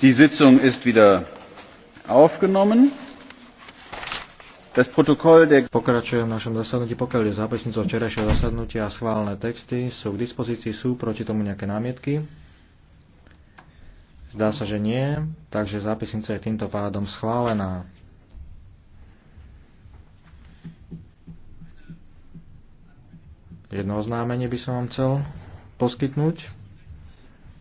die sitzung ist wieder aufgenommen. Das Protokoll der Pokračujem v našom zasadnutí. Pokiaľ je zápisnica včerajšieho zasadnutia a schválené texty sú k dispozícii, sú proti tomu nejaké námietky? Zdá sa, že nie, takže zápisnica je týmto pádom schválená. Jedno oznámenie by som vám chcel poskytnúť.